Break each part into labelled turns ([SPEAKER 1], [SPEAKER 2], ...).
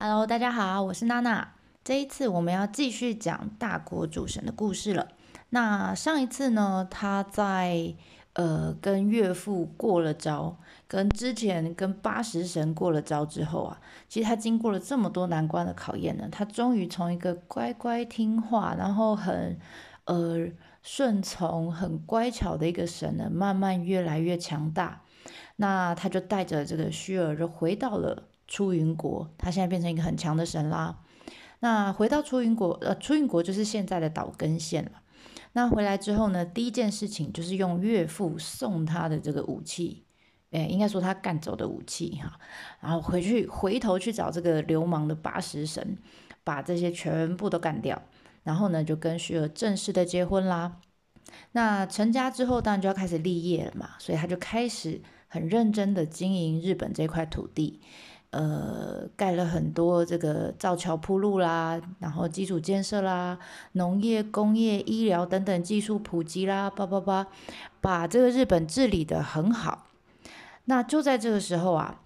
[SPEAKER 1] 哈嘍，Hello，大家好，我是娜娜。這一次我們要繼續講大國主神的故事了。那上一次呢，他在呃跟岳父過了招，跟之前跟八十神過了招之後啊，其實他經過了這麼多難關的考驗呢，他終於從一個乖乖聽話，然後很呃順從、很乖巧的一個神呢，慢慢越來越強大。那他就帶着這個虛兒，就回到了。出雲國，他現在變成一個很強的神啦。那回到出雲國。呃，出雲國就是現在的島根縣了。那回來之後呢，第一件事情就是用岳父送他的這個武器，誒、欸，應該說他幹走的武器哈。然後回去回頭去找這個流氓的八十神，把這些全部都幹掉。然後呢，就跟須兒正式的結婚啦。那成家之後，當然就要開始立業了嘛，所以他就開始很認真的經營日本這塊土地。呃，蓋了很多這個造橋鋪路啦，然後基礎建設啦，農業、工業、醫療等等技術普及啦，叭叭叭，把這個日本治理得很好。那就在這個時候啊，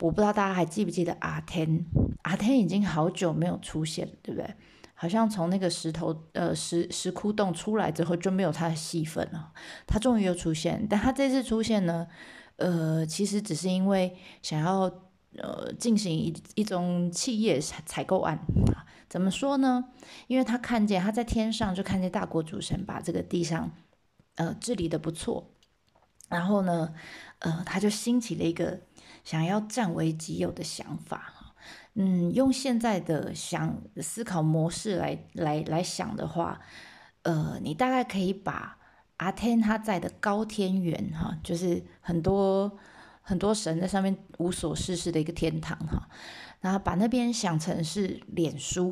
[SPEAKER 1] 我不知道大家還記不記得阿天？阿天已經好久沒有出現，對不對？好像從那個石頭、呃，石石窟洞出來之後就沒有他的戲份了。他終於又出現，但他這次出現呢，呃，其實只是因為想要。呃，進行一一種企業採購案，啊、怎麼說呢？因為他看見他在天上就看見大國主神把這個地上，呃，治理得不錯，然後呢，呃，他就興起了一個想要占為己有的想法。嗯，用現在的想思考模式來來來想的話，呃，你大概可以把阿天他在的高天原，哈、啊，就是很多。很多神在上面無所事事的一個天堂哈，然後把那邊想成是臉書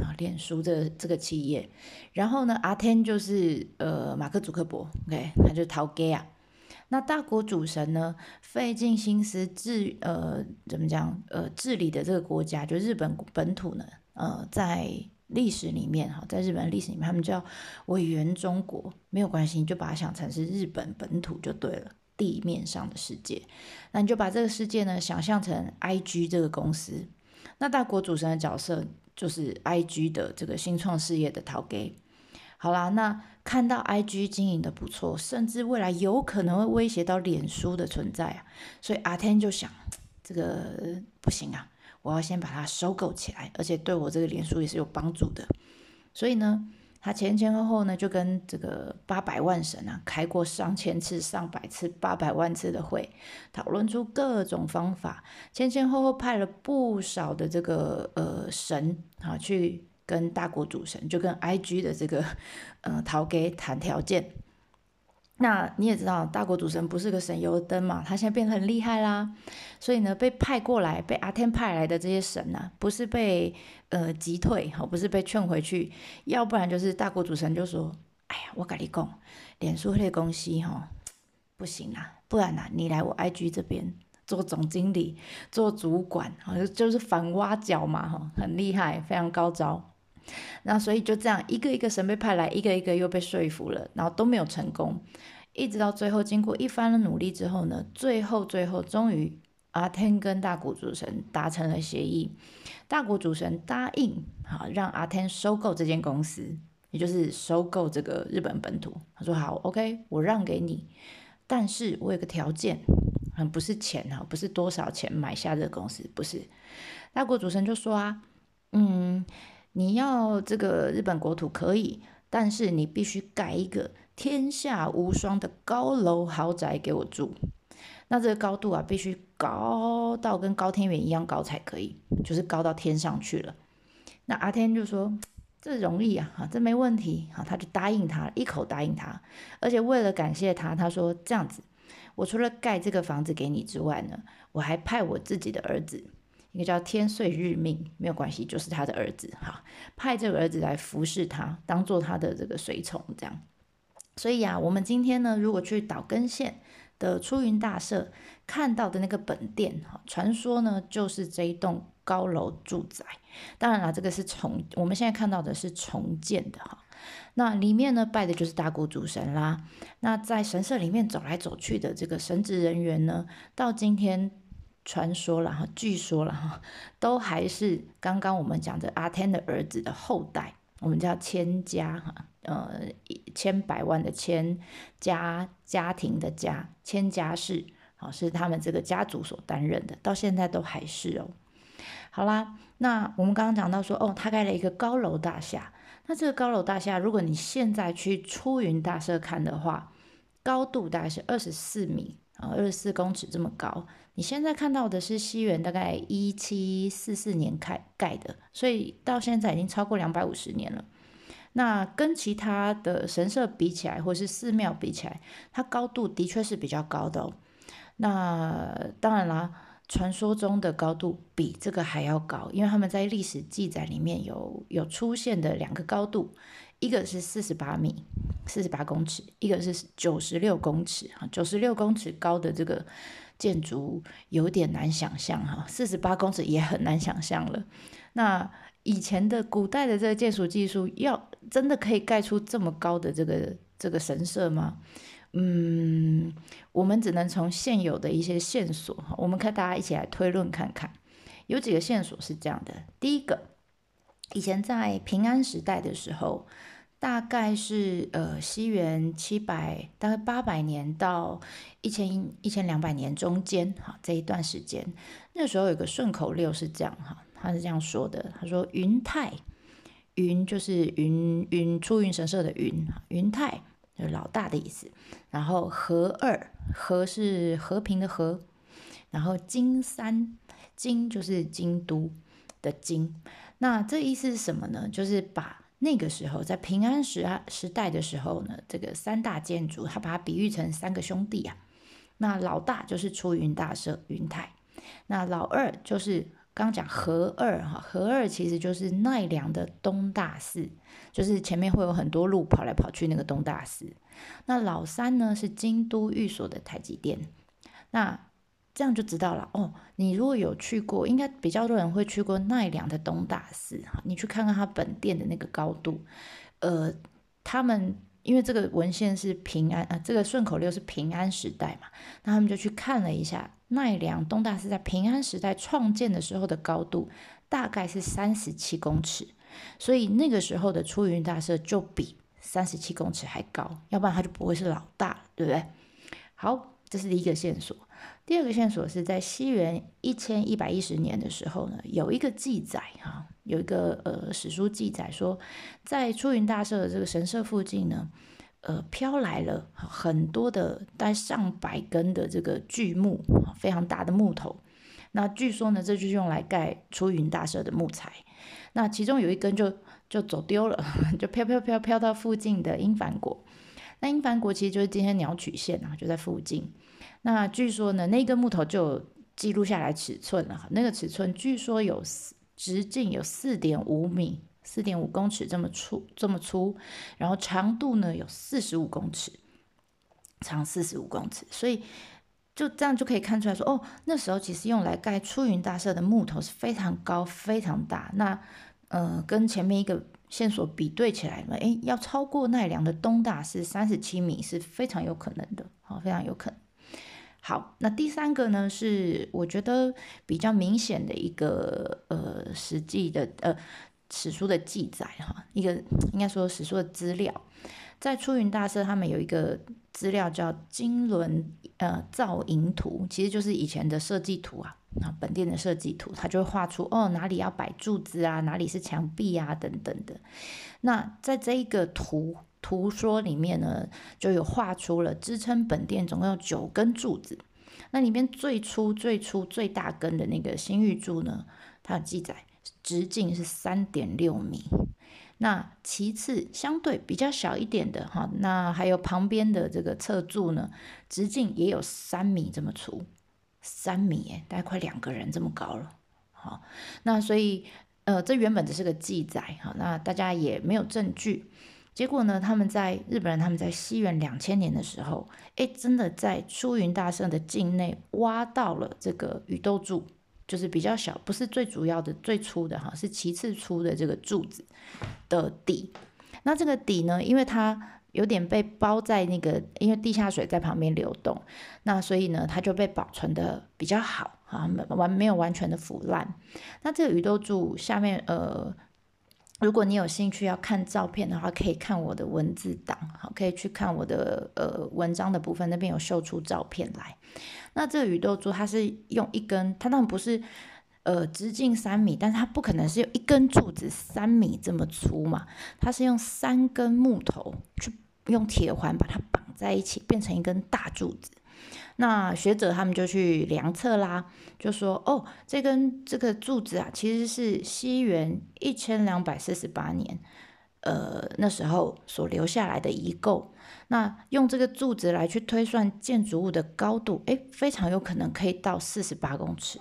[SPEAKER 1] 啊，臉書的、這個、這個企業，然後呢，阿天就是呃馬克·祖克伯，OK，他就是頭家啊。那大國主神呢，費盡心思治呃怎麼講呃治理的這個國家，就日本本土呢，呃在歷史裡面哈，在日本歷史裡面，他們叫葦原中國，沒有關係，你就把它想成是日本本土就對了。地面上的世界，那你就把這個世界呢想象成 I G 這個公司，那大國主神的角色就是 I G 的這個新創事業的頭家。好啦，那看到 I G 經營得不錯，甚至未來有可能會威脅到臉書的存在啊，所以阿天就想，這個不行啊，我要先把它收購起來，而且對我這個臉書也是有幫助的，所以呢。他前前後後呢，就跟這個八百萬神啊，開過上千次、上百次、八百萬次的會，討論出各種方法。前前後後派了不少的這個呃神啊，去跟大國主神，就跟 I G 的這個逃、呃、陶哥談條件。那你也知道，大國主神不是個省油燈嘛，他現在變得很厲害啦，所以呢，被派過來，被阿天派來的這些神吶、啊，不是被呃擊退哈，不是被勸回去，要不然就是大國主神就說，哎呀，我跟你講，臉書這個東西哈，不行啦，不然吶，你來我 IG 這邊做總經理，做主管，好像就是反挖角嘛，哈，很厲害，非常高招。那所以就這樣一個一個神被派來，一個一個又被說服了，然後都沒有成功。一直到最後，經過一番的努力之後呢，最後最後終於、R，阿天跟大國主神達成了協議。大國主神答應啊，讓阿天收購這間公司，也就是收購這個日本本土。他說好，OK，我讓給你，但是我有個條件，不是錢哈，不是多少錢買下這個公司，不是。大國主神就說啊，嗯。你要這個日本國土可以，但是你必須蓋一個天下無雙的高樓豪宅給我住。那這個高度啊，必須高到跟高天原一樣高才可以，就是高到天上去了。那阿天就說，這容易啊，這沒問題，啊，他就答應他，一口答應他。而且為了感謝他，他說這樣子，我除了蓋這個房子給你之外呢，我還派我自己的兒子。一個叫天穗日命沒有關係，就是他的兒子哈，派這個兒子來服侍他，當做他的這個隨從這樣。所以呀、啊，我們今天呢，如果去島根縣的出雲大社看到的那個本殿哈，傳說呢，就是這一棟高樓住宅。當然了，這個是重，我們現在看到的是重建的哈。那裡面呢，拜的就是大國主神啦。那在神社裡面走來走去的這個神職人員呢，到今天。傳說了哈，據說了哈，都還是剛剛我們講的阿天的兒子的後代，我們叫千家哈，呃、嗯，千百萬的千家家庭的家，千家氏，好，是他們這個家族所擔任的，到現在都還是哦、喔。好啦，那我們剛剛講到說哦，他蓋了一個高樓大廈，那這個高樓大廈，如果你現在去出雲大社看的話，高度大概是二十四米。二十四公尺這麼高，你現在看到的是西元，大概一七四四年開蓋的，所以到現在已經超過兩百五十年了。那跟其他的神社比起來，或者是寺廟比起來，它高度的確是比較高的哦。那當然啦，傳說中的高度比這個還要高，因為他們在歷史記載裡面有有出現的兩個高度，一個是四十八米。四十八公尺，一個是九十六公尺啊，九十六公尺高的這個建築有點難想象哈，四十八公尺也很難想象了。那以前的古代的這個建築技術要，要真的可以蓋出這麼高的這個這個神社嗎？嗯，我們只能從現有的一些線索，我們看大家一起來推論看看，有幾個線索是這樣的。第一個，以前在平安時代的時候。大概是呃西元七百大概八百年到一千一千兩百年中間哈，這一段時間，那時候有個順口溜是這樣哈，他是這樣說的，他說雲太，雲就是雲雲出雲神社的雲哈，雲太就是老大的意思，然後和二，和是和平的和，然後京三京就是京都的京，那這意思是什麼呢？就是把。那個時候，在平安時啊時代的時候呢，這個三大建築，它把它比喻成三個兄弟啊。那老大就是出雲大社雲太，那老二就是剛，剛講和二哈和二，其實就是奈良的東大寺，就是前面會有很多路跑來跑去那個東大寺。那老三呢是京都御所的太極殿。那這樣就知道了哦。你如果有去過，應該比較多人會去過奈良的東大寺。你去看看它本殿的那個高度，呃，他們因為這個文獻是平安啊、呃，這個順口溜是平安時代嘛，那他們就去看了一下奈良東大寺在平安時代創建的時候的高度，大概是三十七公尺，所以那個時候的出雲大社就比三十七公尺還高，要不然它就不會是老大，對不對？好。這是第一個線索。第二個線索是在西元一千一百一十年的時候呢，有一個記載哈、啊，有一個呃史書記載說，在出雲大社的這個神社附近呢，呃飄來了很多的帶上百根的這個巨木，非常大的木頭。那據說呢，這就是用來蓋出雲大社的木材。那其中有一根就就走丟了，就飄飄飄飄到附近的因幡國。那因幡國其實就是今天鳥取縣啊，就在附近。那據說呢，那根、個、木頭就有記錄下來尺寸了。那個尺寸據說有四，直徑有四點五米，四點五公尺這麼粗這麼粗，然後長度呢有四十五公尺，長四十五公尺。所以就這樣就可以看出來說，哦，那時候其實用來蓋出雲大社的木頭是非常高非常大。那呃，跟前面一個線索比對起來嘛，誒，要超過奈良的東大寺三十七米是非常有可能的，好，非常有可能。好，那第三個呢，是我覺得比較明顯的一個呃，實際的呃，史書的記載哈，一個應該說史書的資料，在出雲大社他們有一個資料叫《金輪呃造營圖》，其實就是以前的設計圖啊。本殿的設計圖，它就會畫出哦，哪裡要擺柱子啊，哪裡是牆壁啊，等等的。那在這一個圖圖說裡面呢，就有畫出了支撐本殿總共有九根柱子。那裡面最初最初最大根的那個心御柱呢，它有記載直徑是三點六米。那其次相對比較小一點的哈，那還有旁邊的這個側柱呢，直徑也有三米這麼粗。三米大概快兩個人這麼高了。好，那所以呃，這原本只是個記載哈，那大家也沒有證據。結果呢，他們在日本人他們在西元兩千年的時候，誒，真的在出雲大社的境內挖到了這個宇豆柱，就是比較小，不是最主要的最粗的哈，是其次粗的這個柱子的底。那這個底呢，因為它有點被包在那個，因為地下水在旁邊流動，那所以呢，它就被保存的比較好啊，完沒有完全的腐爛。那這個宇豆柱下面，呃，如果你有興趣要看照片的話，可以看我的文字檔，好，可以去看我的呃文章的部分，那邊有秀出照片來。那這個宇豆柱它是用一根，它當然不是呃直徑三米，但是它不可能是用一根柱子三米這麼粗嘛，它是用三根木頭去。用鐵環把它綁在一起，變成一根大柱子。那學者他們就去量測啦，就說：“哦，這根這個柱子啊，其實是西元一千兩百四十八年，呃，那時候所留下來的遺構。那用這個柱子來去推算建築物的高度，誒，非常有可能可以到四十八公尺。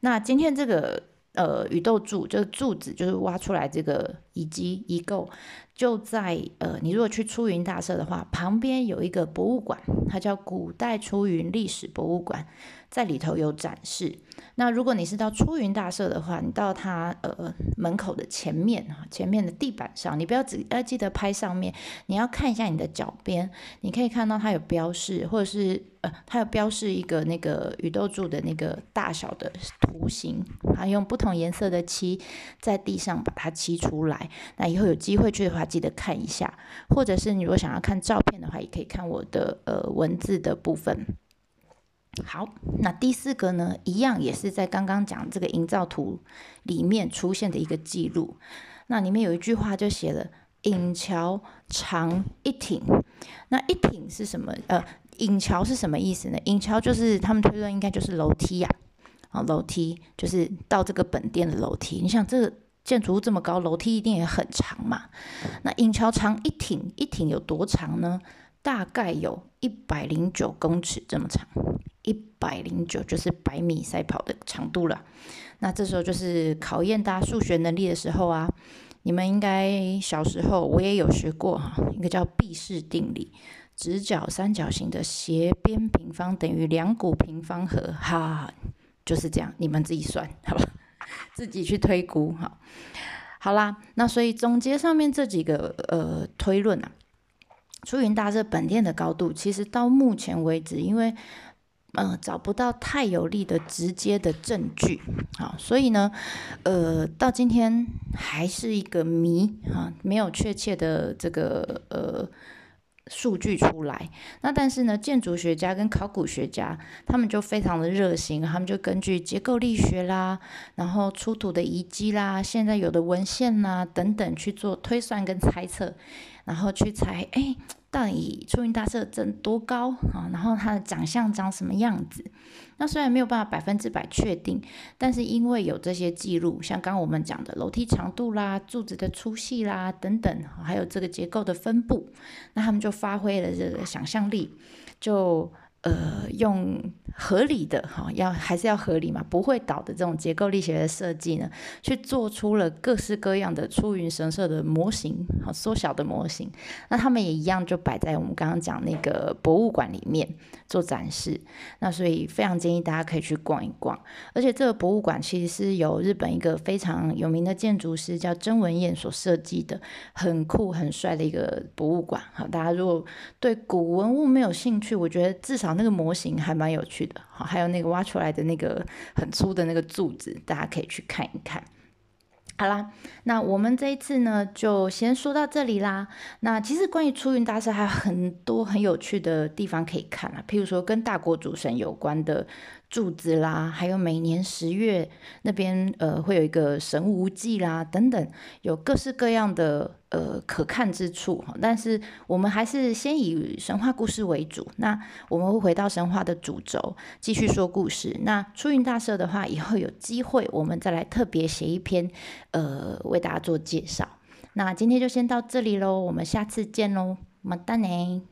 [SPEAKER 1] 那今天這個。”呃，魚豆柱就是柱子，就是挖出來這個遺跡遺構，就在呃，你如果去出雲大社的話，旁邊有一個博物館，它叫古代出雲歷史博物館。在裡頭有展示。那如果你是到出雲大社的話，你到它呃門口的前面，前面的地板上，你不要只呃記得拍上面，你要看一下你的腳邊，你可以看到它有標示，或者是呃它有標示一個那個宇豆柱的那個大小的圖形，它用不同顏色的漆在地上把它漆出來。那以後有機會去的話，記得看一下。或者是你如果想要看照片的話，也可以看我的呃文字的部分。好，那第四個呢，一樣也是在剛剛講這個營造圖裡面出現的一個記錄。那裡面有一句話就寫了“引橋長一町”，那一町是什麼？呃，引橋是什麼意思呢？引橋就是他們推斷應該就是樓梯呀，啊，啊，哦，樓梯就是到這個本殿的樓梯。你想，這個建築物這麼高，樓梯一定也很長嘛。那引橋長一町，一町有多長呢？大概有一百零九公尺這麼長。一百零九就是百米賽跑的長度了。那這時候就是考驗大家數學能力的時候啊！你們應該小時候我也有學過哈，一個叫畢氏定理，直角三角形的斜邊平方等於兩股平方和哈，就是這樣，你們自己算好吧，自己去推估哈。好啦，那所以總結上面這幾個呃推論啊，出雲大社本殿的高度，其實到目前為止，因為嗯、呃，找不到太有力的直接的證據，啊，所以呢，呃，到今天還是一個謎啊，沒有確切的這個呃數據出來。那但是呢，建築學家跟考古學家他們就非常的熱心，他們就根據結構力學啦，然後出土的遺跡啦，現在有的文獻吶等等去做推算跟猜測。然後去猜，哎，到底出雲大社真多高啊？然後他的長相長什麼樣子？那雖然沒有辦法百分之百確定，但是因為有這些記錄，像剛剛我們講的樓梯長度啦、柱子的粗細啦等等，還有這個結構的分布，那他們就發揮了這個想象力，就呃用。合理的哈，要還是要合理嘛？不會倒的這種結構力學的設計呢，去做出了各式各樣的出雲神社的模型，好，縮小的模型。那他們也一樣就擺在我們剛剛講的那個博物館裡面做展示。那所以非常建議大家可以去逛一逛。而且這個博物館其實是由日本一個非常有名的建築師叫曾文彥所設計的，很酷很帥的一個博物館。好，大家如果對古文物沒有興趣，我覺得至少那個模型還蠻有趣的。好，還有那個挖出來的那個很粗的那個柱子，大家可以去看一看。好啦，那我們這一次呢，就先說到這裡啦。那其實關於出雲大社還有很多很有趣的地方可以看啊，譬如說跟大國主神有關的柱子啦，還有每年十月那邊呃會有一個神無祭啦等等，有各式各樣的。呃，可看之處哈，但是我們還是先以神話故事為主。那我們會回到神話的主軸，繼續說故事。那出雲大社的話，以後有機會我們再來特別寫一篇，呃，為大家做介紹。那今天就先到這裡嘍，我們下次見嘍，麼麼噠呢。